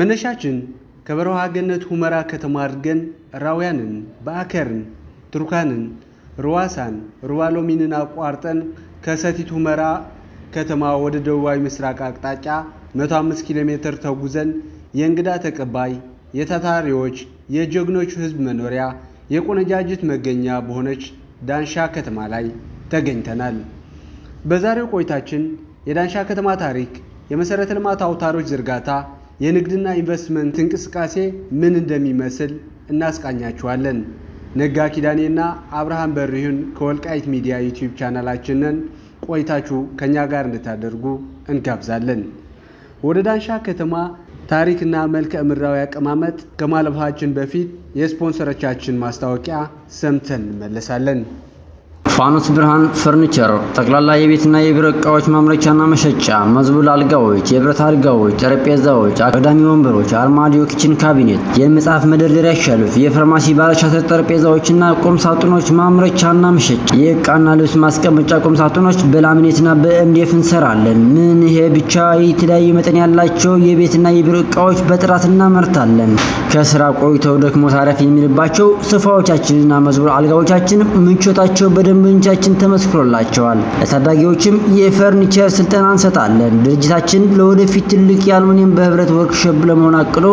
መነሻችን ከበረሃ ገነት ሁመራ ከተማ አድርገን ራውያንን፣ በአከርን፣ ትሩካንን፣ ሩዋሳን፣ ሩባሎሚንን አቋርጠን ከሰቲት ሁመራ ከተማ ወደ ደቡባዊ ምስራቅ አቅጣጫ 105 ኪሎ ሜትር ተጉዘን የእንግዳ ተቀባይ የታታሪዎች የጀግኖች ሕዝብ መኖሪያ የቆነጃጅት መገኛ በሆነች ዳንሻ ከተማ ላይ ተገኝተናል። በዛሬው ቆይታችን የዳንሻ ከተማ ታሪክ፣ የመሠረተ ልማት አውታሮች ዝርጋታ የንግድና ኢንቨስትመንት እንቅስቃሴ ምን እንደሚመስል እናስቃኛችኋለን። ነጋ ኪዳኔና አብርሃም በርሁን ከወልቃይት ሚዲያ ዩቲዩብ ቻናላችንን ቆይታችሁ ከእኛ ጋር እንድታደርጉ እንጋብዛለን። ወደ ዳንሻ ከተማ ታሪክና መልክዓ ምድራዊ አቀማመጥ ከማለፋችን በፊት የስፖንሰሮቻችን ማስታወቂያ ሰምተን እንመለሳለን። ፋኖስ ብርሃን ፈርኒቸር ጠቅላላ የቤትና የቢሮ እቃዎች ማምረቻና መሸጫ፣ መዝቡል አልጋዎች፣ የብረት አልጋዎች፣ ጠረጴዛዎች፣ አግዳሚ ወንበሮች፣ አርማዲዮ፣ ኪችን ካቢኔት፣ የመጽሐፍ መደርደሪያ ሸልፍ፣ የፋርማሲ ባለሻተር ጠረጴዛዎችና ቁም ሳጥኖች ማምረቻና መሸጫ፣ የእቃና ልብስ ማስቀመጫ ቁም ሳጥኖች በላሚኔትና በኤምዲኤፍ እንሰራለን። ምን ይሄ ብቻ! የተለያዩ መጠን ያላቸው የቤትና የቢሮ እቃዎች በጥራት እናመርታለን። ከስራ ቆይተው ደክሞ ታረፍ የሚልባቸው ስፋዎቻችንና መዝቡል አልጋዎቻችን ምቾታቸው በደንብ ምንጮቻችን ተመስክሮላቸዋል። ለታዳጊዎችም የፈርኒቸር ስልጠና እንሰጣለን። ድርጅታችን ለወደፊት ትልቅ የአልሙኒየም በህብረት ወርክሾፕ ለመሆን አቅዶ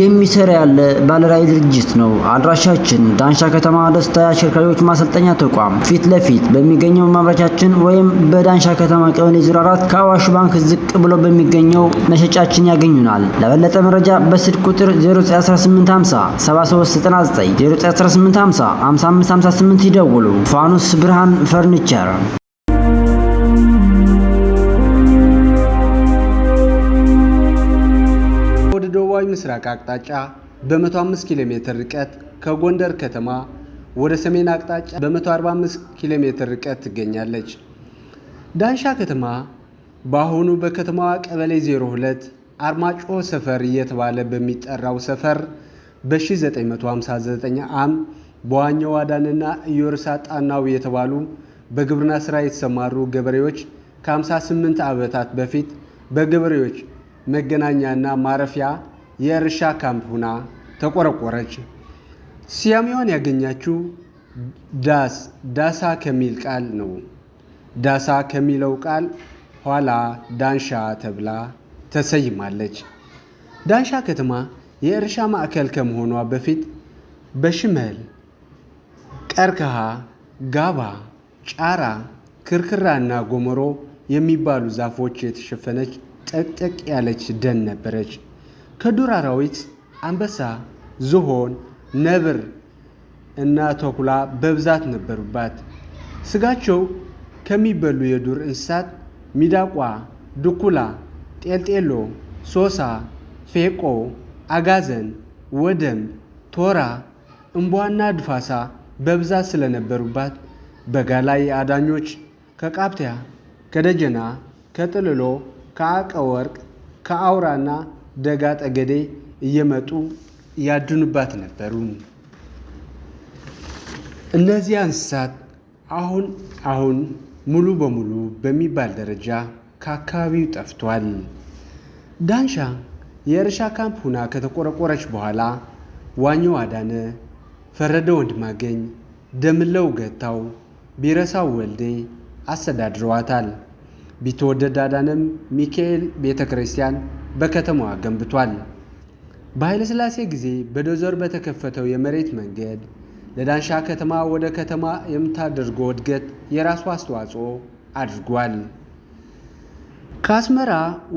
የሚሰራ ያለ ባለራዕይ ድርጅት ነው። አድራሻችን ዳንሻ ከተማ ደስታ አሽከርካሪዎች ማሰልጠኛ ተቋም ፊት ለፊት በሚገኘው ማምረቻችን ወይም በዳንሻ ከተማ ቀበሌ 04 ከአዋሽ ባንክ ዝቅ ብሎ በሚገኘው መሸጫችን ያገኙናል። ለበለጠ መረጃ በስልክ ቁጥር 091850 7399 091850 5558 ይደውሉ። ፋኑስ ብርሃን ፈርኒቸር ወደ ደቡባዊ ምስራቅ አቅጣጫ በ105 ኪሎ ሜትር ርቀት ከጎንደር ከተማ ወደ ሰሜን አቅጣጫ በ145 ኪሎ ሜትር ርቀት ትገኛለች። ዳንሻ ከተማ በአሁኑ በከተማዋ ቀበሌ 02 አርማጮ ሰፈር እየተባለ በሚጠራው ሰፈር በ1959 ዓ.ም በዋኛው አዳንና ኢዮርሳ ጣናው የተባሉ በግብርና ሥራ የተሰማሩ ገበሬዎች ከ58 ዓመታት በፊት በገበሬዎች መገናኛና ማረፊያ የእርሻ ካምፕ ሁና ተቆረቆረች። ስያሜዋን ያገኛችው ዳስ ዳሳ ከሚል ቃል ነው። ዳሳ ከሚለው ቃል ኋላ ዳንሻ ተብላ ተሰይማለች። ዳንሻ ከተማ የእርሻ ማዕከል ከመሆኗ በፊት በሽመል ቀርከሃ፣ ጋባ፣ ጫራ፣ ክርክራ እና ጎመሮ የሚባሉ ዛፎች የተሸፈነች ጥቅጥቅ ያለች ደን ነበረች። ከዱር አራዊት አንበሳ፣ ዝሆን፣ ነብር እና ተኩላ በብዛት ነበሩባት። ስጋቸው ከሚበሉ የዱር እንስሳት ሚዳቋ፣ ድኩላ፣ ጤልጤሎ፣ ሶሳ፣ ፌቆ፣ አጋዘን፣ ወደም፣ ቶራ፣ እምቧና ድፋሳ በብዛት ስለነበሩባት በጋላይ አዳኞች ከቃብቲያ፣ ከደጀና፣ ከጥልሎ፣ ከአቀ ወርቅ፣ ከአውራና ደጋ ጠገዴ እየመጡ ያድኑባት ነበሩ። እነዚህ እንስሳት አሁን አሁን ሙሉ በሙሉ በሚባል ደረጃ ከአካባቢው ጠፍቷል። ዳንሻ የእርሻ ካምፕ ሁና ከተቆረቆረች በኋላ ዋኘው አዳነ ፈረደ ወንድማገኝ፣ ደምለው ገታው፣ ቢረሳው ወልዴ አስተዳድረዋታል። ቢትወደድ አዳነም ሚካኤል ቤተ ክርስቲያን በከተማዋ ገንብቷል። በኃይለሥላሴ ጊዜ በዶዘር በተከፈተው የመሬት መንገድ ለዳንሻ ከተማ ወደ ከተማ የምታደርገው እድገት የራሱ አስተዋጽኦ አድርጓል። ከአስመራ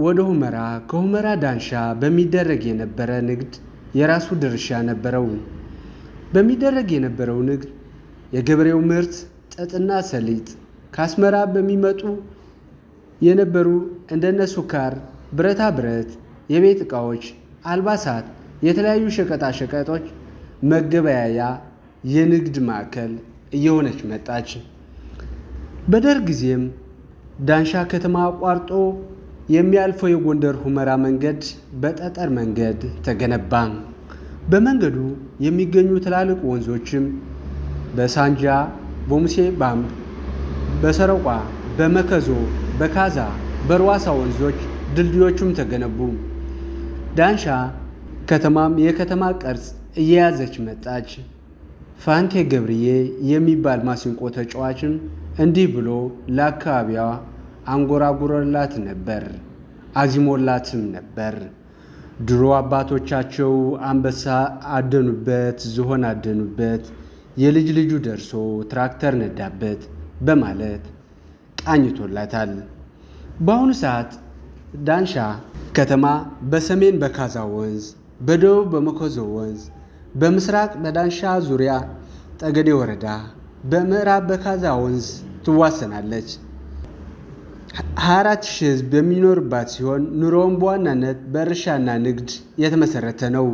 ወደ ሁመራ፣ ከሁመራ ዳንሻ በሚደረግ የነበረ ንግድ የራሱ ድርሻ ነበረው። በሚደረግ የነበረው ንግድ የገበሬው ምርት ጥጥና ሰሊጥ ከአስመራ በሚመጡ የነበሩ እንደነ ሱካር፣ ብረታ ብረት፣ የቤት ዕቃዎች፣ አልባሳት፣ የተለያዩ ሸቀጣ ሸቀጦች መገበያያ የንግድ ማዕከል እየሆነች መጣች። በደርግ ጊዜም ዳንሻ ከተማ አቋርጦ የሚያልፈው የጎንደር ሁመራ መንገድ በጠጠር መንገድ ተገነባ። በመንገዱ የሚገኙ ትላልቅ ወንዞችም በሳንጃ፣ በሙሴ ባምብ፣ በሰረቋ፣ በመከዞ፣ በካዛ፣ በርዋሳ ወንዞች ድልድዮቹም ተገነቡ። ዳንሻ ከተማም የከተማ ቅርጽ እየያዘች መጣች። ፋንቴ ገብርዬ የሚባል ማሲንቆ ተጫዋችም እንዲህ ብሎ ለአካባቢዋ አንጎራጉረላት ነበር፣ አዚሞላትም ነበር። ድሮ አባቶቻቸው አንበሳ አደኑበት፣ ዝሆን አደኑበት፣ የልጅ ልጁ ደርሶ ትራክተር ነዳበት በማለት ቃኝቶላታል። በአሁኑ ሰዓት ዳንሻ ከተማ በሰሜን በካዛ ወንዝ፣ በደቡብ በመኮዞ ወንዝ፣ በምስራቅ በዳንሻ ዙሪያ ጠገዴ ወረዳ፣ በምዕራብ በካዛ ወንዝ ትዋሰናለች። 24 ሺህ ህዝብ የሚኖርባት ሲሆን ኑሮውም በዋናነት በእርሻና ንግድ የተመሰረተ ነው።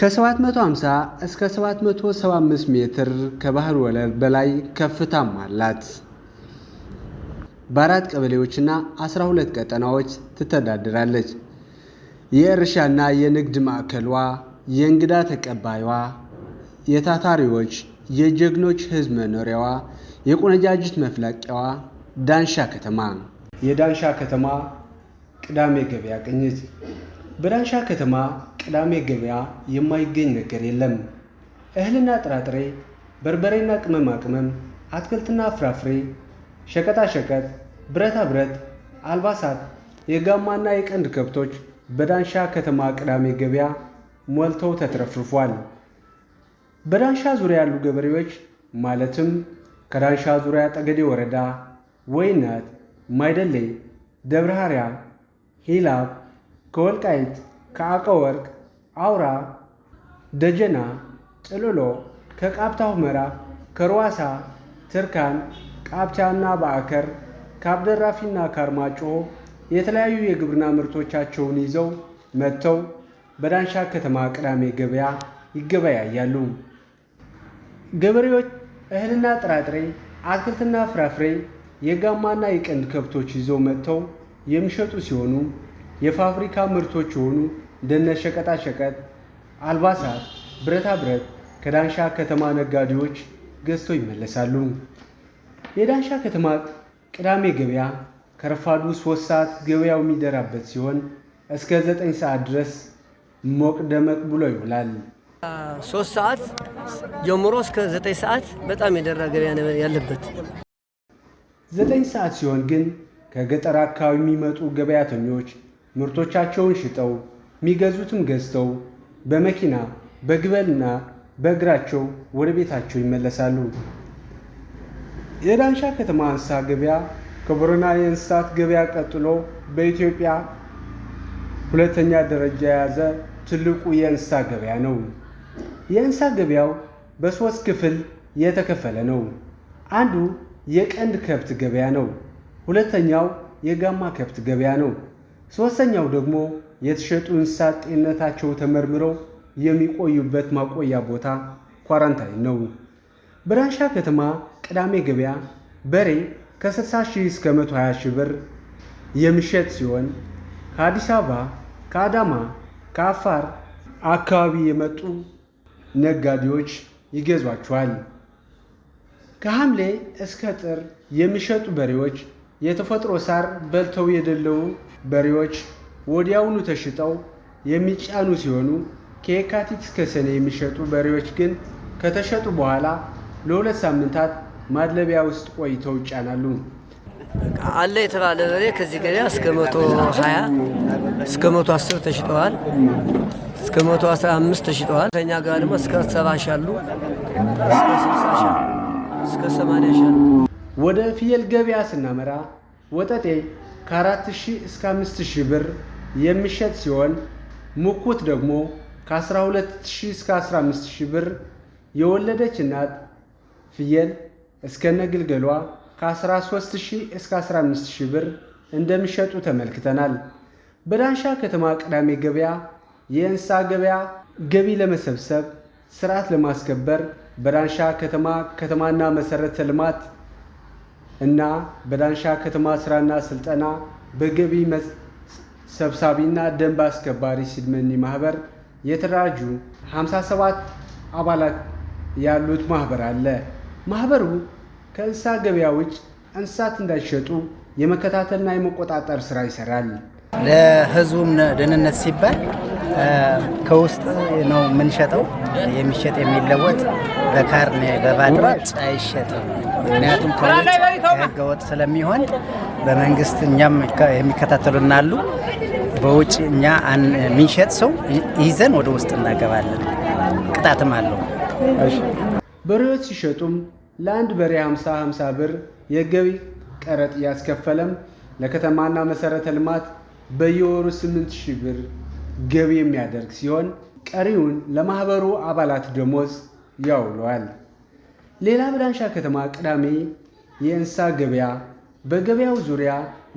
ከ750 እስከ 775 ሜትር ከባህር ወለል በላይ ከፍታም አላት። በአራት ቀበሌዎችና 12 ቀጠናዎች ትተዳደራለች። የእርሻና የንግድ ማዕከሏ፣ የእንግዳ ተቀባይዋ፣ የታታሪዎች የጀግኖች ሕዝብ መኖሪያዋ፣ የቆነጃጅት መፍላቂያዋ ዳንሻ ከተማ የዳንሻ ከተማ ቅዳሜ ገበያ ቅኝት። በዳንሻ ከተማ ቅዳሜ ገበያ የማይገኝ ነገር የለም። እህልና ጥራጥሬ፣ በርበሬና ቅመማ ቅመም፣ አትክልትና ፍራፍሬ፣ ሸቀጣሸቀጥ፣ ብረታ ብረት፣ አልባሳት፣ የጋማና የቀንድ ከብቶች በዳንሻ ከተማ ቅዳሜ ገበያ ሞልተው ተትረፍርፏል። በዳንሻ ዙሪያ ያሉ ገበሬዎች ማለትም ከዳንሻ ዙሪያ ጠገዴ ወረዳ ወይነት፣ ማይደሌ፣ ደብረ ሐርያም፣ ሂላብ፣ ከወልቃይት፣ ወርቅ፣ አውራ፣ ደጀና፣ ጥልሎ፣ ከቃብታ ሁመራ፣ ከርዋሳ፣ ትርካን፣ ቃብቻና በአከር፣ ከአብደራፊና ካርማጮ የተለያዩ የግብርና ምርቶቻቸውን ይዘው መጥተው በዳንሻ ከተማ ቅዳሜ ገበያ ይገበያያሉ። ገበሬዎች እህልና ጥራጥሬ፣ አትክልትና ፍራፍሬ የጋማና የቀንድ ከብቶች ይዘው መጥተው የሚሸጡ ሲሆኑ የፋብሪካ ምርቶች የሆኑ እንደነ ሸቀጣሸቀጥ፣ አልባሳት፣ ብረታ ብረት ከዳንሻ ከተማ ነጋዴዎች ገዝተው ይመለሳሉ። የዳንሻ ከተማ ቅዳሜ ገበያ ከረፋዱ ሶስት ሰዓት ገበያው የሚደራበት ሲሆን እስከ ዘጠኝ ሰዓት ድረስ ሞቅ ደመቅ ብሎ ይውላል። ሶስት ሰዓት ጀምሮ እስከ ዘጠኝ ሰዓት በጣም የደራ ገበያ ያለበት ዘጠኝ ሰዓት ሲሆን ግን ከገጠር አካባቢ የሚመጡ ገበያተኞች ምርቶቻቸውን ሽጠው የሚገዙትም ገዝተው በመኪና በግበልና በእግራቸው ወደ ቤታቸው ይመለሳሉ። የዳንሻ ከተማ እንስሳ ገበያ ከቦረና የእንስሳት ገበያ ቀጥሎ በኢትዮጵያ ሁለተኛ ደረጃ የያዘ ትልቁ የእንስሳ ገበያ ነው። የእንስሳ ገበያው በሶስት ክፍል የተከፈለ ነው። አንዱ የቀንድ ከብት ገበያ ነው። ሁለተኛው የጋማ ከብት ገበያ ነው። ሶስተኛው ደግሞ የተሸጡ እንስሳት ጤንነታቸው ተመርምረው የሚቆዩበት ማቆያ ቦታ ኳራንታይን ነው። በዳንሻ ከተማ ቅዳሜ ገበያ በሬ ከ60 ሺህ እስከ 120 ሺህ ብር የሚሸጥ ሲሆን ከአዲስ አበባ፣ ከአዳማ፣ ከአፋር አካባቢ የመጡ ነጋዴዎች ይገዟቸዋል። ከሐምሌ እስከ ጥር የሚሸጡ በሬዎች የተፈጥሮ ሳር በልተው የደለቡ በሬዎች ወዲያውኑ ተሽጠው የሚጫኑ ሲሆኑ ከየካቲት እስከ ሰኔ የሚሸጡ በሬዎች ግን ከተሸጡ በኋላ ለሁለት ሳምንታት ማድለቢያ ውስጥ ቆይተው ይጫናሉ። አለ የተባለ በሬ ከዚህ ገበያ እስከ መቶ ሀያ እስከ መቶ አስር ተሽጠዋል። እስከ መቶ አስራ አምስት ተሽጠዋል። ከኛ ጋር ደግሞ እስከ ሰባ አሉ እስከ ስልሳ እስከ 80 ሺህ። ወደ ፍየል ገበያ ስናመራ ወጠጤ ከ4000 እስከ 5000 ሺህ ብር የሚሸጥ ሲሆን ሙኩት ደግሞ ከ12 እስከ 15 ብር የወለደች እናት ፍየል እስከነ ግልገሏ ከ13 እስከ 15 ብር እንደሚሸጡ ተመልክተናል። በዳንሻ ከተማ ቅዳሜ ገበያ የእንስሳ ገበያ ገቢ ለመሰብሰብ ስርዓት ለማስከበር በዳንሻ ከተማ ከተማና መሰረተ ልማት እና በዳንሻ ከተማ ስራና ስልጠና በገቢ ሰብሳቢና ደንብ አስከባሪ ሲድመኒ ማህበር የተደራጁ 57 አባላት ያሉት ማህበር አለ። ማህበሩ ከእንስሳ ገበያ ውጭ እንስሳት እንዳይሸጡ የመከታተልና የመቆጣጠር ስራ ይሰራል። ለህዝቡም ደህንነት ሲባል ከውስጥ ነው የምንሸጠው። የሚሸጥ የሚለወጥ በካርኔ በባንዲራ አይሸጥም። ምክንያቱም ከውጭ ህገወጥ ስለሚሆን በመንግስት እኛም የሚከታተሉና አሉ። በውጭ እኛ የሚሸጥ ሰው ይዘን ወደ ውስጥ እናገባለን። ቅጣትም አለው። በሬዎች ሲሸጡም ለአንድ በሬ 50 50 ብር የገቢ ቀረጥ እያስከፈለም ለከተማና መሰረተ ልማት በየወሩ 8000 ሺህ ብር ገቢ የሚያደርግ ሲሆን ቀሪውን ለማህበሩ አባላት ደሞዝ ያውለዋል። ሌላ ብዳንሻ ከተማ ቅዳሜ የእንስሳ ገበያ በገበያው ዙሪያ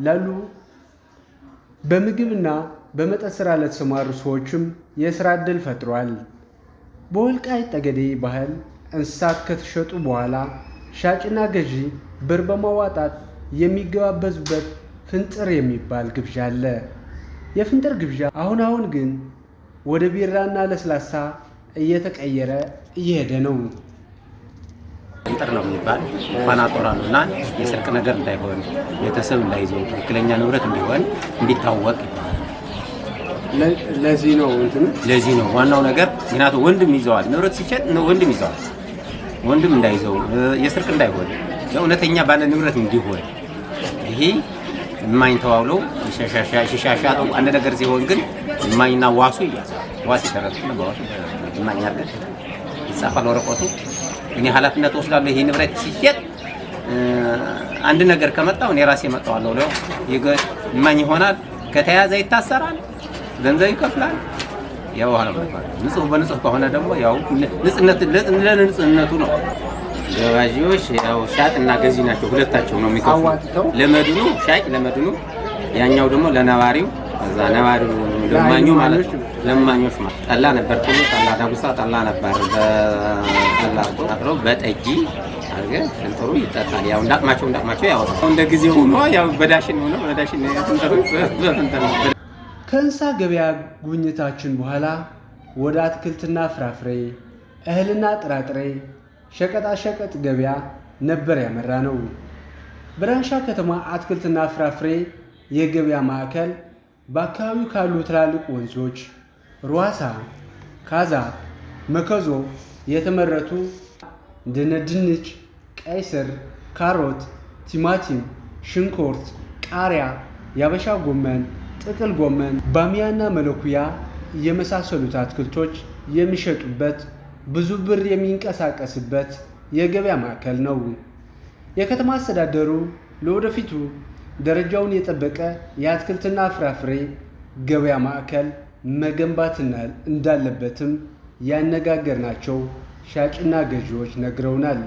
ላሉ በምግብና በመጠጥ ስራ ለተሰማሩ ሰዎችም የስራ ዕድል ፈጥሯል። በወልቃይት ጠገዴ ባህል እንስሳት ከተሸጡ በኋላ ሻጭና ገዢ ብር በማዋጣት የሚገባበዙበት ፍንጥር የሚባል ግብዣ አለ። የፍንጥር ግብዣ አሁን አሁን ግን ወደ ቢራና ለስላሳ እየተቀየረ እየሄደ ነው። ፍንጥር ነው የሚባል ፋና ጦራ ነው እና የስርቅ ነገር እንዳይሆን ቤተሰብ እንዳይዘው ትክክለኛ ንብረት እንዲሆን እንዲታወቅ ይባላል። ለዚህ ነው ለዚህ ነው ዋናው ነገር ምክንያቱም ወንድም ይዘዋል፣ ንብረት ሲሸጥ ወንድም ይዘዋል። ወንድም እንዳይዘው የስርቅ እንዳይሆን እውነተኛ ባለ ንብረት እንዲሆን ይሄ እማኝ ተዋውሎ ይሻሻሉ። አንድ ነገር ሲሆን ግን እማኝና ዋሱ ይያዛል። ዋስ ይደረግ ባዋሱ እማኝ አድርገን ይጻፋል ወረቀቱ። እኔ ኃላፊነት ወስዳለሁ። ይሄ ንብረት ሲሸጥ አንድ ነገር ከመጣው እኔ ራሴ መጣዋለሁ። ለው ይገር እማኝ ይሆናል። ከተያዘ ይታሰራል፣ ገንዘብ ይከፍላል። ያው ኋላ ንጹህ በንጹህ ከሆነ ደግሞ ያው ንጽህነት ለንጽህነቱ ነው ገባዢዎች ያው ሻጭ እና ገዢ ናቸው። ሁለታቸው ነው የሚከፍሉ ለመድኑ ሻጭ ለመድኑ፣ ያኛው ደግሞ ለነዋሪው እዛ ነዋሪው ለማኙ ማለት ነው። ለማኞች ማለት ጠላ ነበር፣ ጥሩ ጠላ፣ ዳጉሳ ጠላ ነበር። በጠላ አጥሮ በጠጂ አርገ ስንጥሩ ይጠጣል። ያው እንዳቅማቸው እንዳቅማቸው ያወጣል። እንደ ጊዜው ሆኖ ያው በዳሽን ሆኖ በዳሽን ስንጥሩ በስንጥሩ። ከእንስሳ ገበያ ጉብኝታችን በኋላ ወደ አትክልትና ፍራፍሬ እህልና ጥራጥሬ ሸቀጣሸቀጥ ገበያ ነበር ያመራ ነው። በዳንሻ ከተማ አትክልትና ፍራፍሬ የገበያ ማዕከል በአካባቢው ካሉ ትላልቅ ወንዞች ሯሳ፣ ካዛ፣ መከዞ የተመረቱ እንደነ ድንች፣ ቀይ ስር፣ ካሮት፣ ቲማቲም፣ ሽንኩርት፣ ቃሪያ፣ የአበሻ ጎመን፣ ጥቅል ጎመን፣ ባሚያና መለኩያ የመሳሰሉት አትክልቶች የሚሸጡበት ብዙ ብር የሚንቀሳቀስበት የገበያ ማዕከል ነው። የከተማ አስተዳደሩ ለወደፊቱ ደረጃውን የጠበቀ የአትክልትና ፍራፍሬ ገበያ ማዕከል መገንባትና እንዳለበትም ያነጋገርናቸው ሻጭና ገዢዎች ነግረውናል።